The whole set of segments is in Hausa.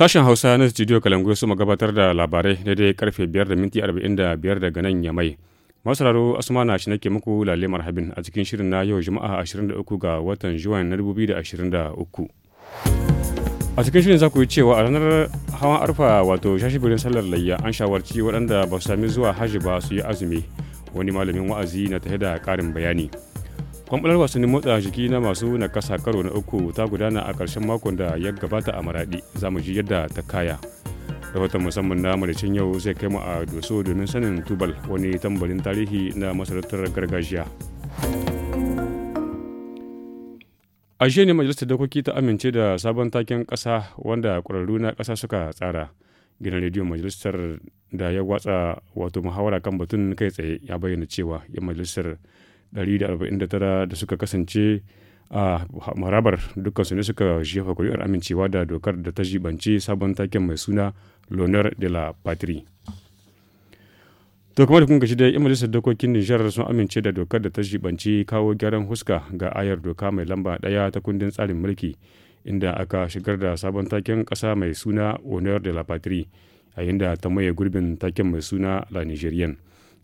Sashen Hausa na Studio kalangu su gabatar da labarai daidai karfe 5 da minti 45 daga nan ya mai Yamai. raro Asmana shi nake muku lale marhabin a cikin shirin na yau Juma'a 23 ga watan Juwan na 2023. A cikin shirin za ku yi cewa a ranar hawan arfa wato shashibirin sallar layya an shawarci waɗanda ba su sami zuwa hajji ba su yi azumi wani malamin wa'azi na tahe da ƙarin bayani. kwamɓalar wasannin motsa jiki na masu nakasa karo na uku ta gudana a ƙarshen makon da ya gabata a maradi za mu ji yadda ta kaya rahoton musamman na madacin yau zai kai mu a doso domin sanin tubal wani tambarin tarihi na masarautar gargajiya a jiya ne majalisar dokoki ta amince da sabon taken ƙasa wanda ƙwararru na ƙasa suka tsara gina rediyon majalisar da ya watsa wato muhawara kan batun kai tsaye ya bayyana cewa yan majalisar 149 da suka kasance a marabar dukkansu ne suka jefa kuri'ar amincewa da dokar da ta jibance sabon taken mai suna l'honneur de la patrie to kuma da kun gashi dai yan majalisar dokokin nijar sun amince da dokar da ta jibanci kawo gyaran huska ga ayar doka mai lamba daya ta kundin tsarin mulki inda aka shigar da sabon taken kasa mai suna honneur de la patrie yayin da ta maye gurbin taken mai suna la nigerian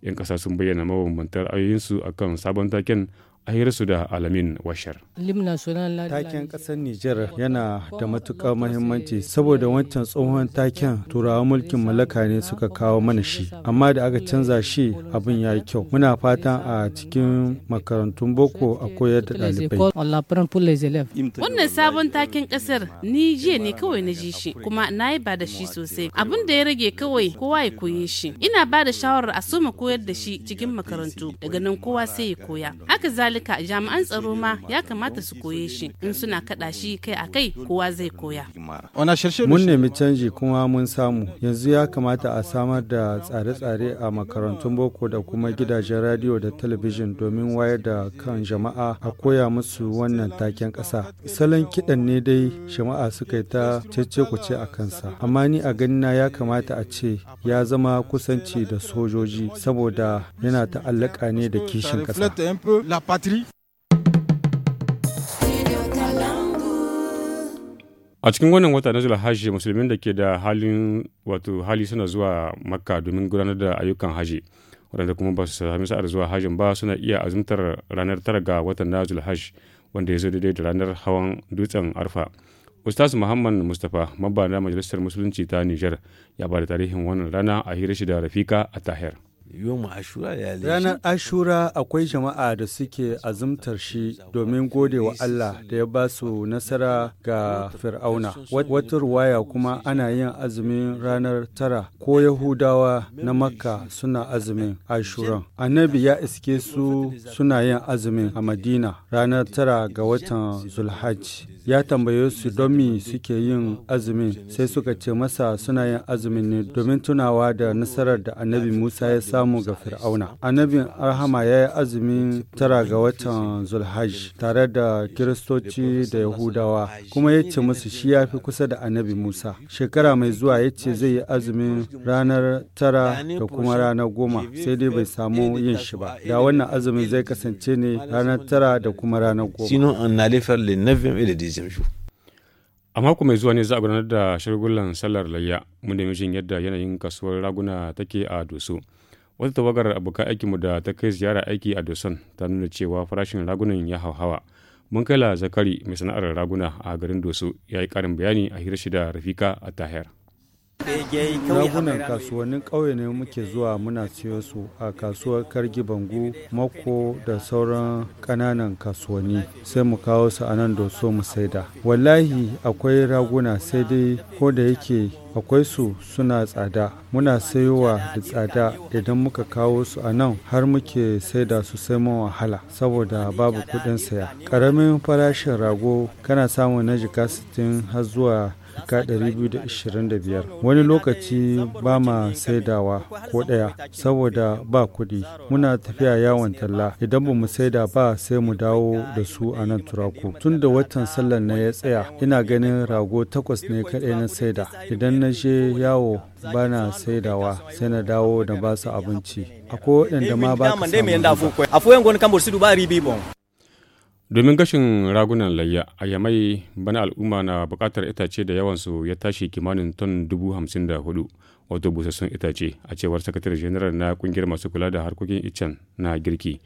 'yan ƙasa sun bayyana mabambantar ra'ayoyinsu akan sabon taken a hirarsu da alamin washar. Taken ƙasar Nijar yana da matuƙar mahimmanci saboda wancan tsohon taken turawa mulkin mallaka ne suka kawo mana shi, amma da aka canza shi abin ya yi kyau. Muna fatan a cikin makarantun boko a koyar da ɗalibai. Wannan sabon taken ƙasar ni jiya ne kawai na ji shi, kuma na yi ba da shi sosai. Abin da ya rage kawai kowa ya koye shi. Ina ba da shawarar a soma koyar da shi cikin makarantu, daga nan kowa sai ya koya. Haka zali zalika jami'an tsaro ma ya kamata su koye shi in suna kaɗa shi kai a kai kowa zai koya. Mun nemi canji kuma mun samu yanzu ya kamata a samar da tsare-tsare a makarantun boko da kuma gidajen radiyo da talabijin domin wayar da kan jama'a a koya musu wannan taken ƙasa. Salon kiɗan ne dai jama'a suka yi ta cece a kansa amma ni a gani na ya kamata a ce ya zama kusanci da sojoji saboda yana ta'allaka ne da kishin ƙasa. a cikin wannan wata na zuwa hajji musulmin da ke da halin wato hali suna zuwa makka domin gudanar da ayyukan hajji wadanda kuma ba su sami sa'ar zuwa hajjin ba suna iya azumtar ranar tara ga watan na zulhajj wanda ya zo daidai da ranar hawan dutsen arfa ustaz muhammad mustapha mabana majalisar musulunci ta nijar ya ba da tarihin wannan rana a hira shi da rafika a tahir mu Ashura ya Ranar Ashura akwai jama'a da suke azumtar shi domin gode wa Allah da ya ba su nasara ga Fir'auna. Wata ruwaya kuma ana yin azumin ranar tara ko Yahudawa na Makka suna azumin Ashura. Annabi ya iske su suna yin azumin a Madina ranar tara ga watan Zulhaj. Ya tambaye su don me suke yin azumin sai suka ce masa suna yin azumin ne domin tunawa da nasarar da Annabi Musa ya sa samu ga fir'auna annabin arhama ya yi azumin tara ga watan zulhaj tare da kiristoci da yahudawa kuma ya ce musu shi ya fi kusa da annabi musa shekara mai zuwa ya ce zai yi azumin ranar tara da kuma ranar goma sai dai bai samu yin shi ba da wannan azumin zai kasance ne ranar tara da kuma ranar goma a mako mai zuwa ne za a gudanar da shirgullan sallar layya mun da yadda yanayin kasuwar raguna take a doso wata tawagar abokan aikinmu da ta kai ziyara aiki a doson ta nuna cewa farashin ragunan ya hauhawa mun kai la zakari mai sana'ar raguna a garin doso ya yi karin bayani a hira shida rafika a tahir Ragunan kasuwannin ƙauye ne muke zuwa muna siyo su a kasuwar Kargi Bangu, Mako da sauran ƙananan kasuwanni sai mu kawo su a nan doso mu saida. Wallahi akwai raguna sai dai ko da yake akwai su suna tsada muna sayowa da tsada idan muka kawo su a nan har muke saida su sai mun wahala saboda babu kuɗin saya ƙaramin farashin rago kana samun na jika 60 har zuwa ka 225 wani lokaci ba ma saidawa ko ɗaya saboda ba kuɗi muna tafiya yawon talla idan ba mu saida ba sai mu dawo da su a nan turaku tun da watan sallar na ya tsaya ina ganin rago takwas ne kadai na saida idan na je yawo ba na saidawa sai na dawo da ba su abinci akwai waɗanda ma ba ka samu domin gashin ragunan layya a yamai bana al'umma na bukatar itace da yawansu ya tashi kimanin ton dubu hamsin da hudu wato busassun itace a cewar sakatare janar na kungiyar masu kula da harkokin icen na girki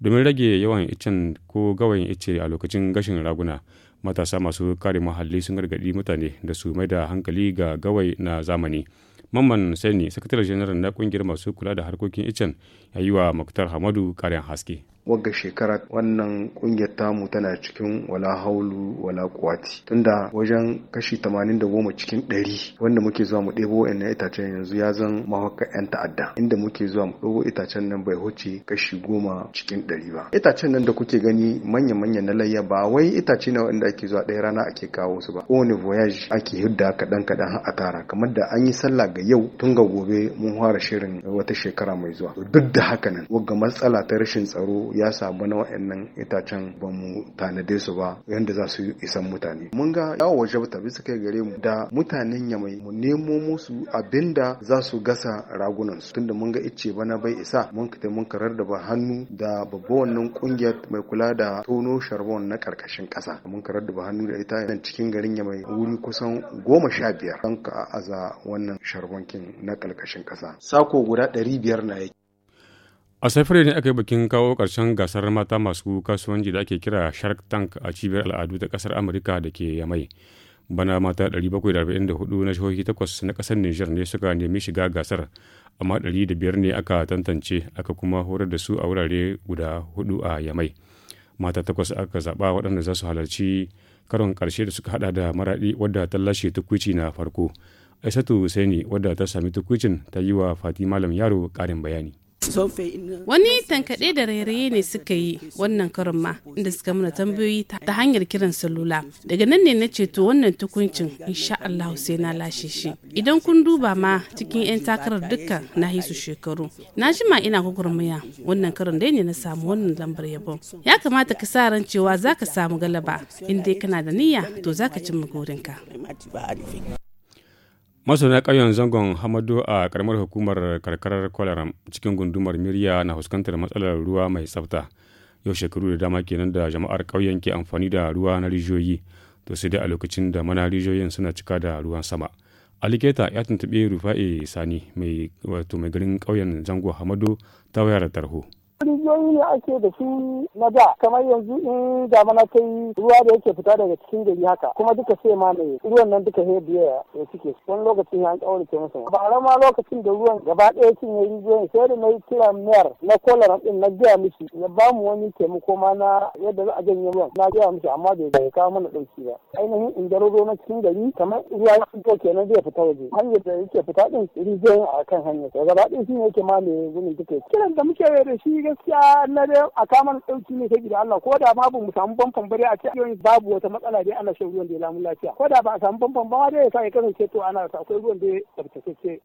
domin rage yawan iccen ko gawayin icce a lokacin gashin raguna matasa masu kare muhalli sun gargaɗi mutane da su mai da hankali ga gawai na zamani mamman sani sakatare janar na kungiyar masu kula da harkokin iccen ya yi wa muktar hamadu karen haske wagga shekara wannan kungiyar tamu tana cikin wala haulu wala kuwati tunda wajen kashi 80 cikin 100 wanda muke zuwa mu ɗebo wa'annan itacen yanzu ya zan mahaukar 'yan ta'adda inda muke zuwa mu ɗebo itacen nan bai huce kashi goma cikin 100 ba itacen nan da kuke gani manya-manya na layya ba wai itace ne wanda ake zuwa ɗaya rana ake kawo su ba kowane voyage ake hidda kaɗan-kaɗan har a tara kamar da an yi sallah ga yau tun ga gobe mun fara shirin wata shekara mai zuwa duk da haka nan wagga matsala ta rashin tsaro ya ba na wa'annan itacen ba mu tanade su ba yadda za su isan mutane mun ga yawon waje ta bisa kai gare mu da mutanen yamai mu nemo musu abinda za su gasa ragunan su tunda mun ga icce bana bai isa mun ka mun karar da ba hannu da babban wannan kungiyar mai kula da tono sharbon na karkashin kasa mun karar da ba hannu da ita nan cikin garin yamai wuri kusan goma sha biyar don ka aza wannan sharbonkin na karkashin kasa sako guda ɗari biyar na yake a safiyar ne aka yi bikin kawo ƙarshen gasar mata masu kasuwanci da ake kira shark tank a cibiyar al'adu ta ƙasar amurka da ke yamai bana mata 744 na shahohi takwas na ƙasar niger ne suka nemi shiga gasar amma 500 ne aka tantance aka kuma horar da su a wurare guda hudu a yamai mata takwas aka zaɓa waɗanda za su halarci karon karshe da suka hada da maraɗi wadda ta lashe tukwici na farko aisatu husaini wadda ta sami tukwicin ta yi wa fatima malam yaro ƙarin bayani Wani tankaɗe da rairaye ne suka yi wannan karin ma inda suka mana tambayoyi ta hanyar kiran salula. Daga nan ne na ceto wannan tukuncin insha Allah sai na lashe shi. Idan kun duba ma cikin 'yan takarar dukkan na hisu shekaru. Na shi ma ina gwagwarmaya wannan karin dai ne na samu wannan lambar yabon. Ya kamata ka sa ran cewa za ka samu galaba inda kana da niyya to za ka cimma gorinka. masana ƙauyen zangon hamadu a ƙaramar hukumar karkarar kwalara cikin gundumar miriya na fuskantar matsalar ruwa mai tsafta yau shekaru da dama kenan da jama'ar ƙauyen ke amfani da ruwa na rijiyoyi to sai dai a lokacin da mana rijiyoyin suna cika da ruwan sama aliketa ya tuntuɓe rufa'i sani mai wato mai garin ƙauyen zango hamadu ta wayar tarho rijiyoyi ne ake da su na da kamar yanzu in damana ta yi ruwa da yake fita daga cikin gari haka kuma duka sai ma ruwan nan duka sai biya ya cike wani lokacin ya an ke musu ba ma lokacin da ruwan gaba ɗaya cin yi rijiyoyin sai da na yi kira mayar na kolar din na gaya mishi ya ba mu wani taimako ma na yadda za a janye ruwan na gaya mishi amma bai kawo mana ɗauki ba ainihin in na cikin gari kamar ruwa ya fito kenan zai fita waje hanyar da yake fita din rijiyoyin a kan hanyar gaba ɗaya shi ne yake ma mai gudun duka kiran da muke da shi gaskiya na dai a kamar ɗauki ne saboda Allah ko da ma ba samu famfon ba a ce babu wata matsala dai ana shan ruwan da ya lamu lafiya ko da ba a samu bamfan ba dai ya sa ya kasance to ana akwai ruwan da ya tsaftatacce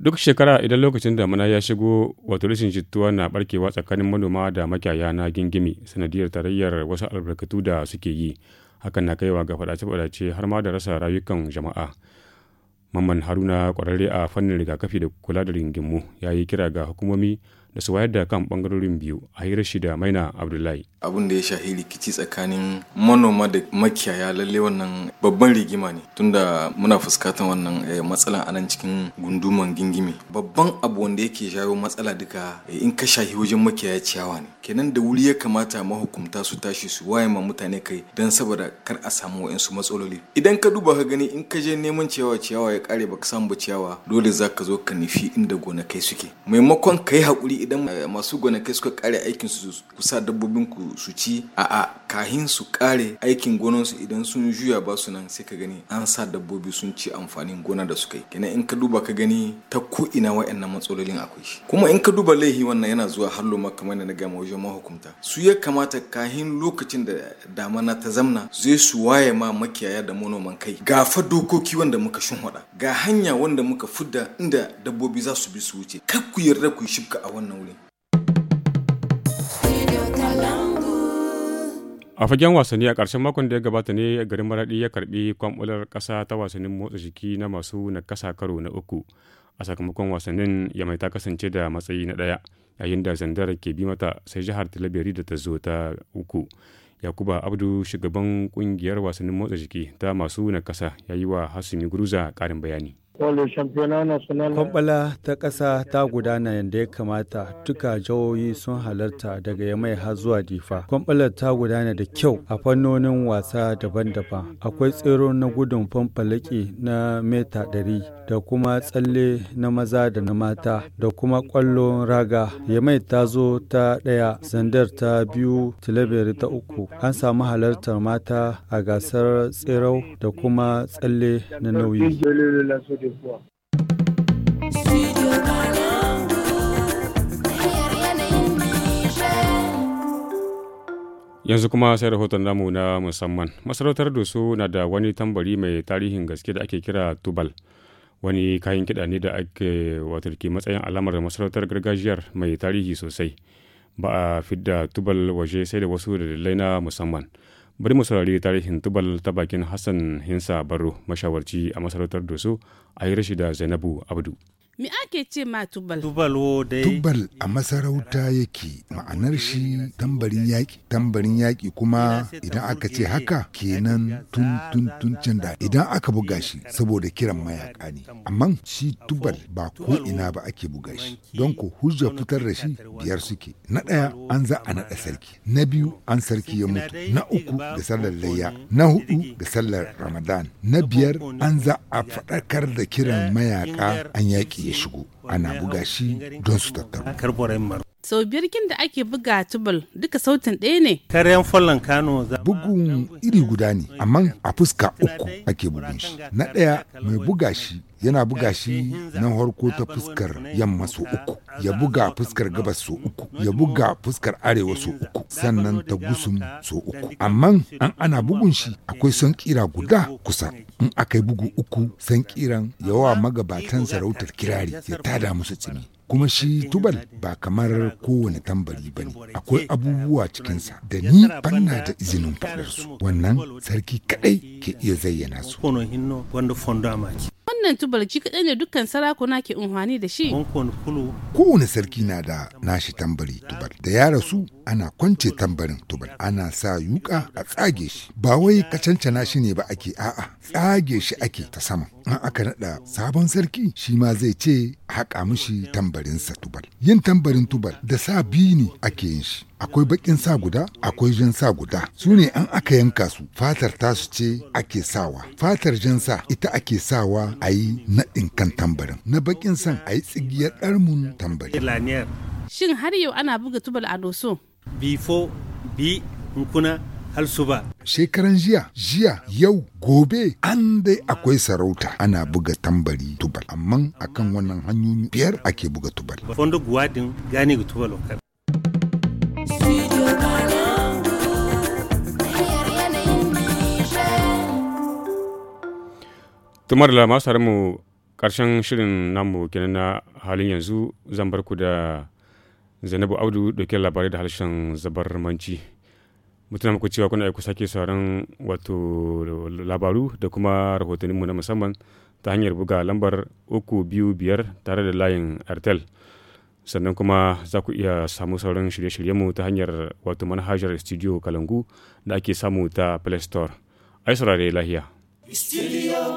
duk shekara idan lokacin damina ya shigo wato rashin jituwa na barkewa tsakanin manoma da makiyaya na gingimi sanadiyar tarayyar wasu albarkatu da suke yi hakan na kaiwa ga fadace-fadace har ma da rasa rayukan jama'a mamman haruna kwararre a fannin rigakafi da kula da ringimu ya yi kira ga hukumomi da su wayar da kan bangarorin biyu a hira shi da maina abdullahi abin da ya shahi rikici tsakanin manoma da makiyaya lalle wannan babban rigima ne tunda muna fuskantar wannan eh, matsala anan cikin gunduman gingimi babban abu wanda yake jawo matsala duka eh, in ka shahi wajen makiyaya ciyawa ne kenan da wuri ya kamata mahukunta su tashi su waye ma mutane kai dan saboda kar a samu wa'insu matsaloli idan ka duba ka gani in ka je neman ciyawa ciyawa ya kare baka samu ba ciyawa dole zaka zo ka nufi inda gonakai suke maimakon ka yi haƙuri idan eh, masu gonakai suka kare aikin su kusa dabbobin ku su ci a'a kahin su kare aikin gonan su idan sun juya ba su nan sai ka gani an sa dabbobi sun ci amfanin gona da suka yi kenan in ka duba ka gani ta ko ina wayannan matsalolin akwai shi kuma in ka duba laihi wannan yana zuwa har ma kamar da na gama wajen mahukunta su ya kamata kahin lokacin da damana ta zamna zai su waye ma makiyaya da manoman kai ga fa dokoki wanda muka shinhoda ga hanya wanda muka fudda inda dabbobi za su bi su wuce kar ku yarda ku shibka a wannan nauri. a fagen wasanni a ƙarshen makon da ya gabata ne garin maraɗi ya karɓi kwamfular ƙasa ta wasannin motsa jiki na masu nakasa karo na uku a sakamakon wasannin yamai ta kasance da matsayi na ɗaya yayin da zandar ke bi mata sai jihar talabiri da ta zo ta uku yakuba abdu shugaban ƙungiyar wasannin motsa jiki ta masu nakasa ya yi wa hasumi guruza ƙarin bayani Kwamɓala ta ƙasa ta gudana yadda ya kamata duka jawoyi sun halarta daga Yamai har zuwa Difa. Kwamɓalar ta gudana da kyau a fannonin wasa daban-daban. Akwai tsero na gudun fanfalaki na meta ɗari da kuma tsalle na maza da na mata da kuma ƙwallon raga. Yamai ta zo ta ɗaya, Zandar ta biyu, Tilaberi ta uku. An samu halartar mata a gasar tsero da kuma tsalle na nauyi. ke yanzu kuma sai rahoton namu na musamman masarautar doso na da wani tambari mai tarihin gaske da ake kira tubal wani kayan kiɗa ne da ake watarki matsayin alamar masarautar gargajiyar mai tarihi sosai ba a fidda tubal waje sai da wasu dalilai na musamman bari mu saurari tarihin tubal ta bakin hassan hinsa baro mashawarci a masarautar doso a yi rashida zainabu abdu Me ake ce ma tubal? Tubal wo oh, dai. Tubal a masarauta yake ma'anar shi tambarin yaƙi. Tambarin yaƙi kuma idan aka ce haka kenan tun tun tun can da idan aka buga shi saboda kiran mayaƙa ne. Amma shi tubal ba ko ina ba ake buga shi. Don ko hujja fitar da shi biyar suke. Na ɗaya an za a naɗa sarki. Na biyu an sarki ya mutu. Na uku da sallar layya. Na hudu da sallar Ramadan. Na biyar an za a faɗakar da kiran mayaƙa an yaƙi. ya shigo ana buga shi don su tattaro. sau biyar da ake buga tubal duka sautin ɗaya ne. Karyan fallon Kano Bugun iri guda ne, amma a fuska uku ake bugun shi. Na ɗaya mai buga shi yana buga shi na harko ta fuskar yamma so uku ya buga fuskar gabas so uku ya buga fuskar arewa so uku sannan ta gusum so uku amma an ana bugun shi akwai son kira guda kusa in aka yi bugu uku son kiran yawa magabatan sarautar kirari ya tada musu tsini kuma shi tubal ba kamar kowane tambari ba ne akwai abubuwa cikinsa da ni banna da izinin fadarsu wannan sarki kadai ke iya zayyana su balki kaɗai ne dukkan sarakuna ke unhwani da shi. Kowane sarki na da nashi tambari tubal. da ya rasu ana kwance tambarin tubal. ana sa yuka a tsage shi ba wai kacancana shi ne ba ake a'a tsage shi ake ta saman in aka naɗa sabon sarki shi ma zai ce haƙa mishi tambarinsa tubal. Yin tambarin tubal da sa biyu ne ake yin shi. Akwai baƙin sa guda, akwai jan sa guda. Su ne an aka yanka su, fatar tasu ce ake sawa. Fatar jan sa ita ake sawa a yi naɗin kan tambarin. Na baƙin san a yi tsigiyar ɗarmun tambari. Shin har yau ana buga tubal a doso? Bifo, bi, nkuna, halsu ba. Shekaran jiya, jiya, yau, gobe, an dai akwai sarauta ana buga tambari tubal, amma akan wannan hanyoyi biyar ake buga tubal. Fondo gane ga tubal Tumar da masu mu karshen shirin namu kenan na halin yanzu zan bar ku da Zainabu Audu dauke labarai da harshen zabarmanci. manci. mutuna muku cewa kuna ku sake sauran wato labaru da kuma rahotanninmu na musamman ta hanyar buga lambar uku biyu biyar tare da layin artel sannan kuma za ku iya samu sauran shirye mu ta hanyar wato manhajar studio kalangu da ake samu ta play store ai saurare lahiya studio